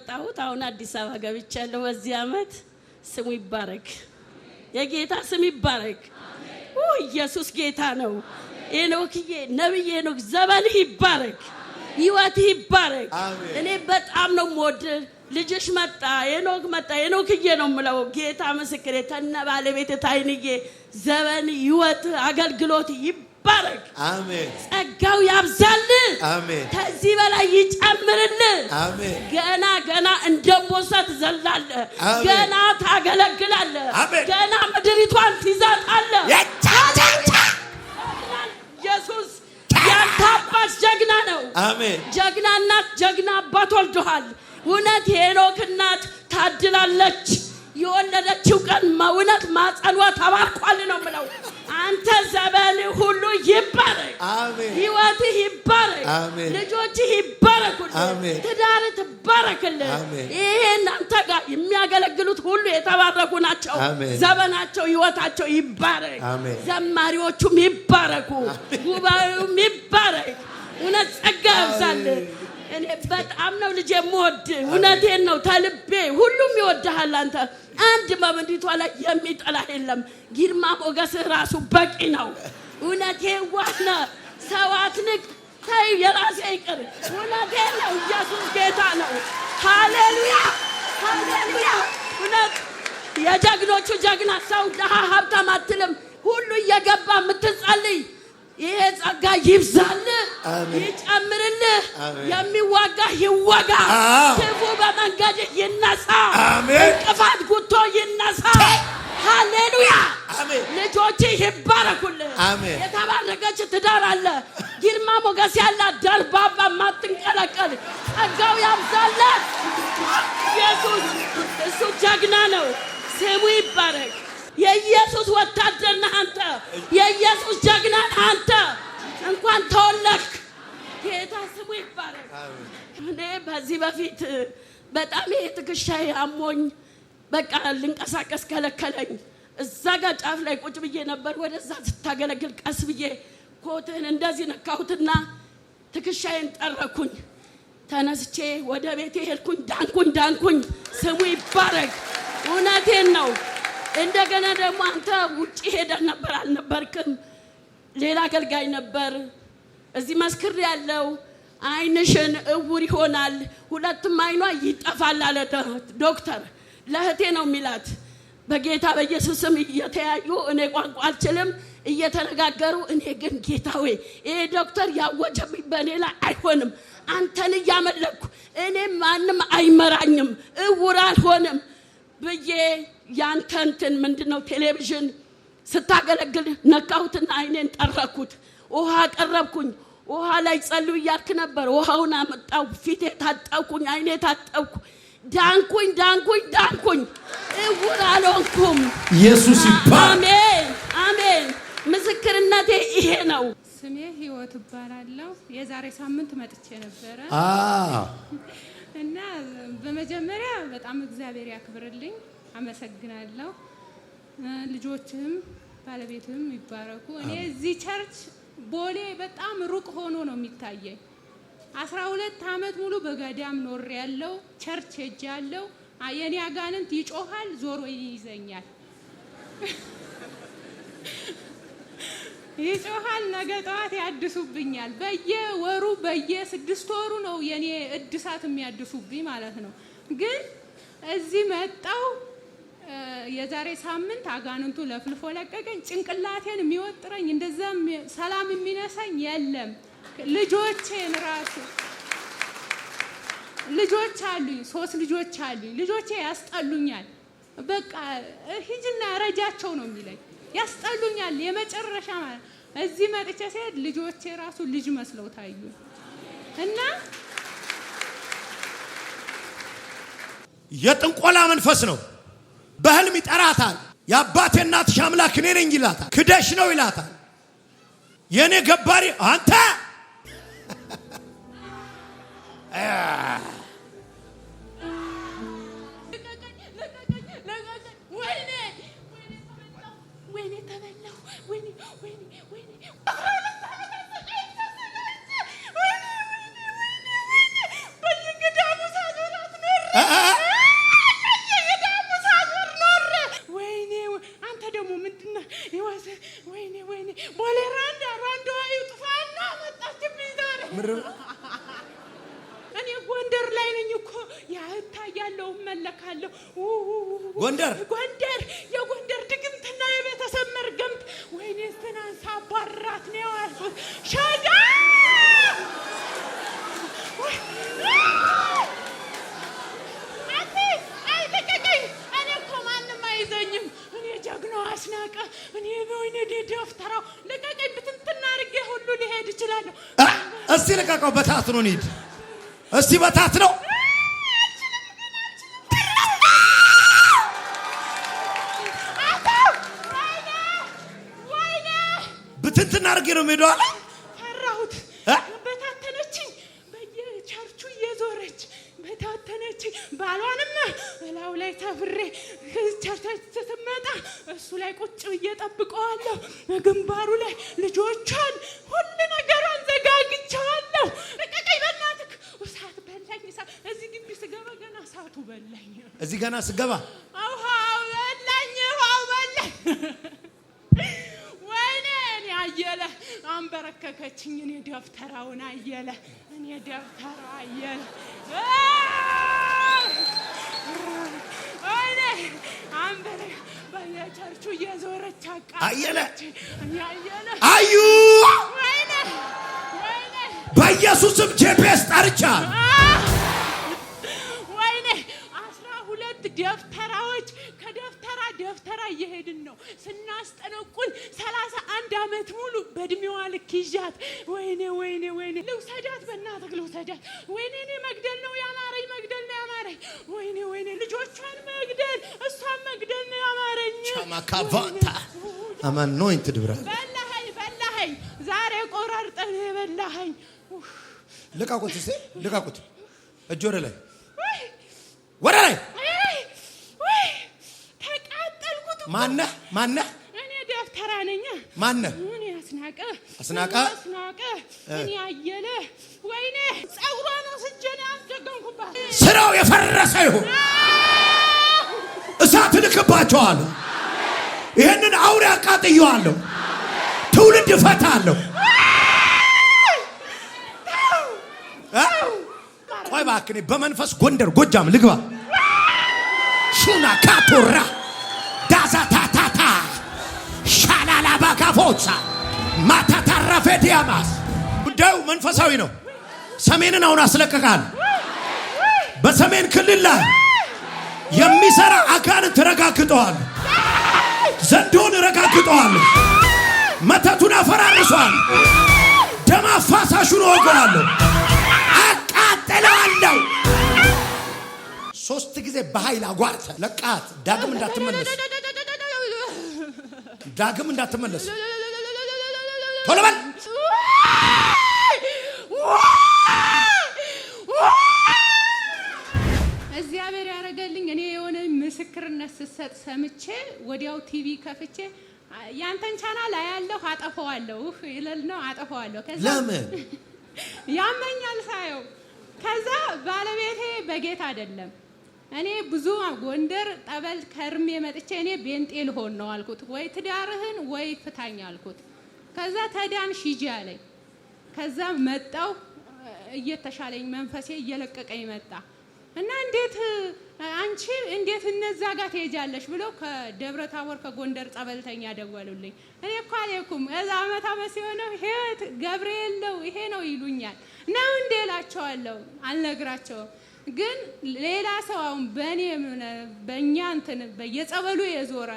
የወጣሁት አሁን አዲስ አበባ ገብቻለሁ። በዚህ አመት ስሙ ይባረክ፣ የጌታ ስም ይባረክ። ኢየሱስ ጌታ ነው። ሄኖክዬ፣ ነብይ ሄኖክ ዘመንህ ይባረክ፣ ህይወትህ ይባረክ። እኔ በጣም ነው የምወድህ። ልጅሽ መጣ፣ ሄኖክ መጣ። ሄኖክዬ ነው የምለው። ጌታ ምስክሬ፣ ተነ ባለቤት ታይንዬ፣ ዘመን ህይወት አገልግሎት ይባረክ። ይባረክ። አሜን። ጸጋው ያብዛል። አሜን። ከዚህ በላይ ይጨምርል። አሜን። ገና ገና እንደምቦሳ ትዘላለህ። ገና ታገለግላለህ። ገና ምድሪቷን ትይዛታለህ። ኢየሱስ ያንተ አባት ጀግና ነው። አሜን። ጀግና እናት፣ ጀግና አባት ወልዶሃል። እውነት የሄኖክ እናት ታድላለች። የወለደችው ቀን እውነት ማጸኗ ተባርኳል ነው የምለው አንተ ዘመን ሁሉ ይባረክ፣ ህይወትህ ይባረክ፣ ልጆችህ ይባረኩልህ፣ ትዳር ትባረክልህ። ይህን አንተ ጋር የሚያገለግሉት ሁሉ የተባረኩ ናቸው። ዘመናቸው፣ ህይወታቸው ይባረክ፣ ዘማሪዎቹም ይባረኩ፣ ጉባኤውም ይባረክ። እውነት ጸጋ ያብዛልህ። እኔ በጣም ነው ልጅ የምወድ። እውነቴን ነው ተልቤ። ሁሉም ይወድሃል አንተ አንድ በምድሪቷ ላይ የሚጠላ የለም። ግርማ ሞገስህ ራሱ በቂ ነው። እውነቴ ዋና ሰው አትንቅ። ተይ የራሴ ይቅር። እውነቴ ነው። ኢየሱስ ጌታ ነው። ሃሌሉያ ሃሌሉያ። እውነት የጀግኖቹ ጀግና ሰው ድሃ ሀብታም አትልም። ሁሉ እየገባ የምትጸልይ ይሄ ጸጋ ይብዛልህ፣ ይጨምርልህ። የሚዋጋ ይወጋ መንገድ ይነሳ። እንቅፋት ጉቶ ይነሳ። ሃሌሉያ። ልጆች ይባረኩልህ። የተባረከች ትዳር አለ። ግርማ ሞገስ ያላት ደርባባ ማትንቀለቀል ጸጋው ያብዛላት። ኢየሱስ እሱ ጀግና ነው። ስሙ ይባረክ። የኢየሱስ ወታደር ነህ አንተ። የኢየሱስ ጀግና ነህ አንተ። እንኳን ተወለክ ጌታ ስሙ ይባረክ። እኔ በዚህ በፊት በጣም ይሄ ትከሻዬ አሞኝ በቃ ልንቀሳቀስ ከለከለኝ። እዛ ጋር ጫፍ ላይ ቁጭ ብዬ ነበር። ወደዛ ስታገለግል ቀስ ብዬ ኮትህን እንደዚህ ነካሁትና ትከሻዬን ጠረኩኝ። ተነስቼ ወደ ቤቴ ሄድኩኝ። ዳንኩኝ ዳንኩኝ። ስሙ ይባረግ እውነቴን ነው። እንደገና ደግሞ አንተ ውጭ ሄደህ ነበር አልነበርክም? ሌላ አገልጋይ ነበር እዚህ መስክር ያለው አይንሽን እውር ይሆናል፣ ሁለትም አይኗ ይጠፋል አለ ዶክተር። ለእህቴ ነው የሚላት በጌታ በኢየሱስም እየተያዩ እኔ ቋንቋ አልችልም እየተነጋገሩ እኔ ግን ጌታ ወይ ይሄ ዶክተር ያወጀብኝ በእኔ ላይ አይሆንም፣ አንተን እያመለኩ እኔ ማንም አይመራኝም፣ እውር አልሆንም ብዬ ያንተ እንትን ምንድን ነው ቴሌቪዥን ስታገለግል ነካሁትና አይኔን ጠረኩት፣ ውሃ ቀረብኩኝ ውሃ ላይ ጸልዩ እያልክ ነበር። ውሃውን አመጣው። ፊቴ ታጠብኩኝ፣ አይኔ ታጠብኩ፣ ዳንኩኝ፣ ዳንኩኝ፣ ዳንኩኝ፣ እውር አልሆንኩም። ኢየሱስ ይባል። አሜን፣ አሜን። ምስክርነቴ ይሄ ነው። ስሜ ህይወት እባላለሁ። የዛሬ ሳምንት መጥቼ ነበረ እና በመጀመሪያ በጣም እግዚአብሔር ያክብርልኝ፣ አመሰግናለሁ። ልጆችም ባለቤትም ይባረኩ። እኔ እዚህ ቸርች ቦሌ በጣም ሩቅ ሆኖ ነው የሚታየኝ። አስራ ሁለት አመት ሙሉ በገዳም ኖር ያለው ቸርች ሄጅ ያለው የኔ አጋንንት ይጮሃል፣ ዞሮ ይይዘኛል፣ ይጮሃል። ነገ ጠዋት ያድሱብኛል። በየወሩ በየስድስት ወሩ ነው የኔ እድሳት የሚያድሱብኝ ማለት ነው። ግን እዚህ መጣው የዛሬ ሳምንት አጋንንቱ ለፍልፎ ለቀቀኝ። ጭንቅላቴን የሚወጥረኝ እንደዛ ሰላም የሚነሳኝ የለም። ልጆቼን ራሱ ልጆች አሉኝ፣ ሶስት ልጆች አሉኝ። ልጆቼ ያስጠሉኛል። በቃ ሂጅና ረጃቸው ነው የሚለኝ። ያስጠሉኛል የመጨረሻ ማለት እዚህ መጥቼ ሲሄድ ልጆቼ ራሱ ልጅ መስለው ታዩ እና የጥንቆላ መንፈስ ነው በህልም ይጠራታል። የአባቴ እናትሽ አምላክ እኔ ነኝ ይላታል። ክደሽ ነው ይላታል። የእኔ ገባሪ አንተ እኔ ጎንደር ላይ ነኝ እኮ ያህታ ያለው መለካለሁ። ጎንደር ጎንደር የጎንደር ድግምትና የቤተሰብ መርገምት ወይኔ ትናንት ሳባራት ነው ያልኩት ሸጋ ጀግናው አስናቀ እኔ በወይኔ ደዳፍ ተራው ልቀቀኝ፣ ብትንትና አድርጌ ሁሉ ሊሄድ እችላለሁ። እስቲ ልቀቀው፣ በታት ነው እንሂድ። እስቲ በታት ነው ብትንትና አድርጌ ነው የምሄደው። ፈራሁት። በታተነችኝ፣ በየቸርቹ እየዞረች በታተነችኝ። ባሏንም እላው ላይ ተፍሬ ቸርች እሱ ላይ ቁጭ ብዬ ጠብቀዋለሁ። ግንባሩ ላይ ልጆቿን ሁሉ ነገሯን ዘጋግቸዋለሁ። ልቀቀኝ በእናትህ እሳት በላኝ። እዚህ ግቢ ስገባ ገና እሳቱ በላኝ። እዚህ ገና ስገባ ውሃው በላኝ፣ ውሃው በላኝ። ወይኔ አየለ አንበረከከችኝ። እኔ ደብተራውን አየለ፣ እኔ ደብተራ አየለ አየለ አዩ በኢየሱስም ጄፒኤስ ጠርቻ እየሄድን ነው ስናስጠነቁን። ሰላሳ አንድ አመት ሙሉ በእድሜዋ ልክ ይዣት፣ ወይኔ ወይኔ ወይኔ፣ ልውሰዳት፣ በእናትህ ልውሰዳት። ወይኔ እኔ መግደል ነው ያማረኝ፣ መግደል ነው ያማረኝ። ወይኔ ወይኔ፣ ልጆቿን መግደል፣ እሷን መግደል ነው ያማረኝ። ቻማካቫታ አማኖይንትድ ብራ በላኸኝ፣ በላኸኝ፣ ዛሬ ቆራርጠን የበላኸኝ። ልቃቁት፣ ልቃቁት፣ እጆ ወደ ላይ ወደ ላይ ማነህ ማነህ? እኔ ደፍተራ ነኝ። ማነህ? እኔ አስናቀ አስናቀ አስናቀ እኔ አየለ። ወይኔ ጸጉሯ ነው ስራው የፈረሰ ይሁን። እሳት እልክባቸዋለሁ። ይህንን አውሬ አቃጥየዋለሁ። ትውልድ እፈታለሁ። ቆይ እባክህ፣ በመንፈስ ጎንደር ጎጃም ልግባ ሹና ካቶራ ዛታታታ ሻላላ ባጋፎሳ ማታታረፌ ዲያማስ ጉዳዩ መንፈሳዊ ነው። ሰሜንን አሁን አስለቅቃል። በሰሜን ክልል ላይ የሚሰራ አጋንንት ረጋግጠዋል። ዘንዶን ረጋግጠዋል። መተቱን አፈራርሷል። ደም አፋሳሹን እወገዋለሁ፣ አቃጥለዋለሁ። ሶስት ጊዜ በኃይል አጓርተ ለቃት ዳግም እንዳትመለስ ዳግም እንዳትመለስ ቶሎ በል። እግዚአብሔር ያደረገልኝ እኔ የሆነ ምስክርነት ስትሰጥ ሰምቼ ወዲያው ቲቪ ከፍቼ ያንተን ቻናል አያለሁ፣ አጠፈዋለሁ ይለል ነው አጠፈዋለሁ። ለምን ያመኛል ሳየው። ከዛ ባለቤቴ በጌታ አይደለም እኔ ብዙ ጎንደር ጠበል ከርሜ መጥቼ እኔ ቤንጤ ልሆን ነው አልኩት። ወይ ትዳርህን ወይ ፍታኝ አልኩት። ከዛ ተዳን ሂጂ አለኝ። ከዛ መጣው እየተሻለኝ መንፈሴ እየለቀቀኝ መጣ እና እንዴት አንቺ እንዴት እነዛ ጋር ትሄጃለሽ ብሎ ከደብረ ታቦር ከጎንደር ጸበልተኛ ደወሉልኝ። እኔ እኮ አልሄድኩም። እዛ አመት አመት ሲሆነው ሄት ገብርኤል ነው ይሄ ነው ይሉኛል። ነው እንዴ እላቸዋለሁ። አልነግራቸውም ግን ሌላ ሰው አሁን በእኔ በእኛ እንትን በየጸበሉ የዞረ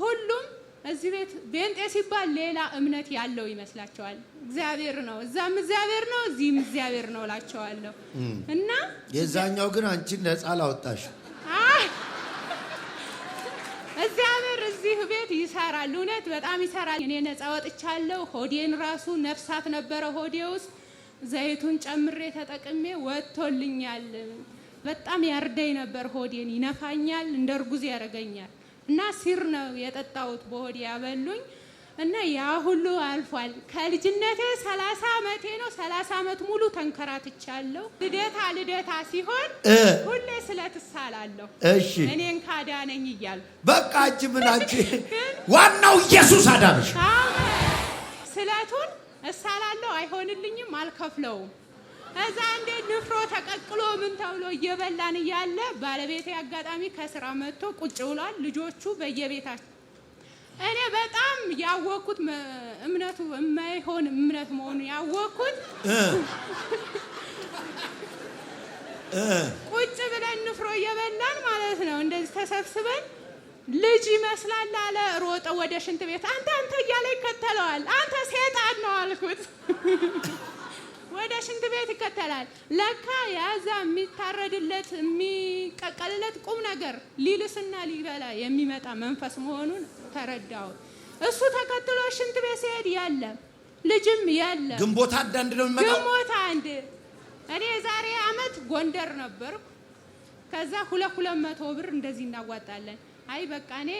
ሁሉም እዚህ ቤት ቤንጤ ሲባል ሌላ እምነት ያለው ይመስላቸዋል። እግዚአብሔር ነው፣ እዛም እግዚአብሔር ነው፣ እዚህም እግዚአብሔር ነው እላቸዋለሁ። እና የዛኛው ግን አንቺን ነፃ ላወጣሽ እግዚአብሔር እዚህ ቤት ይሰራል። እውነት በጣም ይሰራል። እኔ ነፃ ወጥቻለሁ። ሆዴን ራሱ ነፍሳት ነበረ ሆዴ ውስጥ ዘይቱን ጨምሬ ተጠቅሜ ወጥቶልኛል። በጣም ያርደኝ ነበር፣ ሆዴን ይነፋኛል፣ እንደ እርጉዝ ያደርገኛል። እና ሲር ነው የጠጣሁት በሆዴ ያበሉኝ እና ያ ሁሉ አልፏል። ከልጅነቴ ሰላሳ ዓመቴ ነው። ሰላሳ ዓመት ሙሉ ተንከራትቻለሁ። ልደታ ልደታ ሲሆን ሁሌ ስለትሳላለሁ። እሺ እኔን ካዳነኝ እያል በቃ እጅ ምናች ዋናው ኢየሱስ አዳነሽ። ስለቱን እሳላለሁ፣ አይሆንልኝም፣ አልከፍለውም። እዛ እንዴ ንፍሮ ተቀቅሎ ምን ተብሎ እየበላን እያለ ባለቤቴ አጋጣሚ ከስራ መጥቶ ቁጭ ብሏል። ልጆቹ በየቤታቸው እኔ በጣም ያወቅኩት እምነቱ የማይሆን እምነት መሆኑን ያወቅኩት ቁጭ ብለን ንፍሮ እየበላን ማለት ነው እንደዚህ ተሰብስበን ልጅ ይመስላል አለ። ሮጠ ወደ ሽንት ቤት። አንተ አንተ እያለ ይከተለዋል። አንተ ሴጣን ነው አልኩት። ወደ ሽንት ቤት ይከተላል። ለካ ያዛ የሚታረድለት የሚቀቀልለት ቁም ነገር ሊልስና ሊበላ የሚመጣ መንፈስ መሆኑን ተረዳው። እሱ ተከትሎ ሽንት ቤት ሲሄድ ያለ ልጅም ያለ ግንቦት አንድ አንድ ነው የሚመጣው። ግንቦት አንድ እኔ የዛሬ አመት ጎንደር ነበርኩ። ከዛ ሁለት ሁለት መቶ ብር እንደዚህ እናዋጣለን አይ በቃ እኔ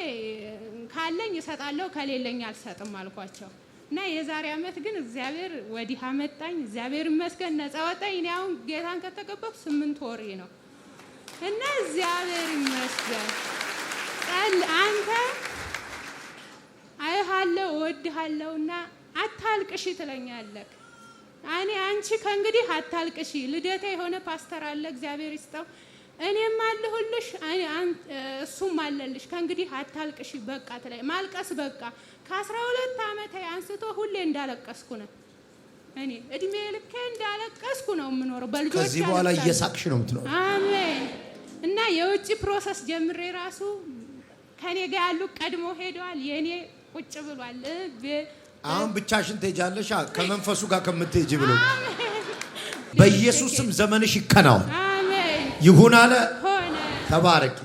ካለኝ እሰጣለሁ ከሌለኝ አልሰጥም አልኳቸው እና የዛሬ አመት ግን እግዚአብሔር ወዲህ አመጣኝ። እግዚአብሔር ይመስገን ነፃ ወጣኝ። እኔ አሁን ጌታን ከተቀበልኩ ስምንት ወሬ ነው እና እግዚአብሔር ይመስገን አንተ አይሃለሁ እወድሃለሁ እና አታልቅሺ ትለኛለህ። እኔ አንቺ ከእንግዲህ አታልቅሺ። ልደታ የሆነ ፓስተር አለ እግዚአብሔር ይስጠው እኔም አለሁልሽ እሱም አለልሽ። ከእንግዲህ አታልቅሽ፣ በቃ ትላይ ማልቀስ በቃ ከአስራ ሁለት ዓመቴ አንስቶ ሁሌ እንዳለቀስኩ ነው። እኔ እድሜ ልኬ እንዳለቀስኩ ነው የምኖረው በልጆች ከዚህ በኋላ እየሳቅሽ ነው የምትኖረው። አሜን። እና የውጭ ፕሮሰስ ጀምሬ ራሱ ከኔ ጋር ያሉ ቀድሞ ሄደዋል፣ የእኔ ቁጭ ብሏል። አሁን ብቻሽን ትሄጃለሽ ከመንፈሱ ጋር ከምትሄጂ ብሎ በኢየሱስም ዘመንሽ ይከናወን። ይሁን አለ። ተባረክ።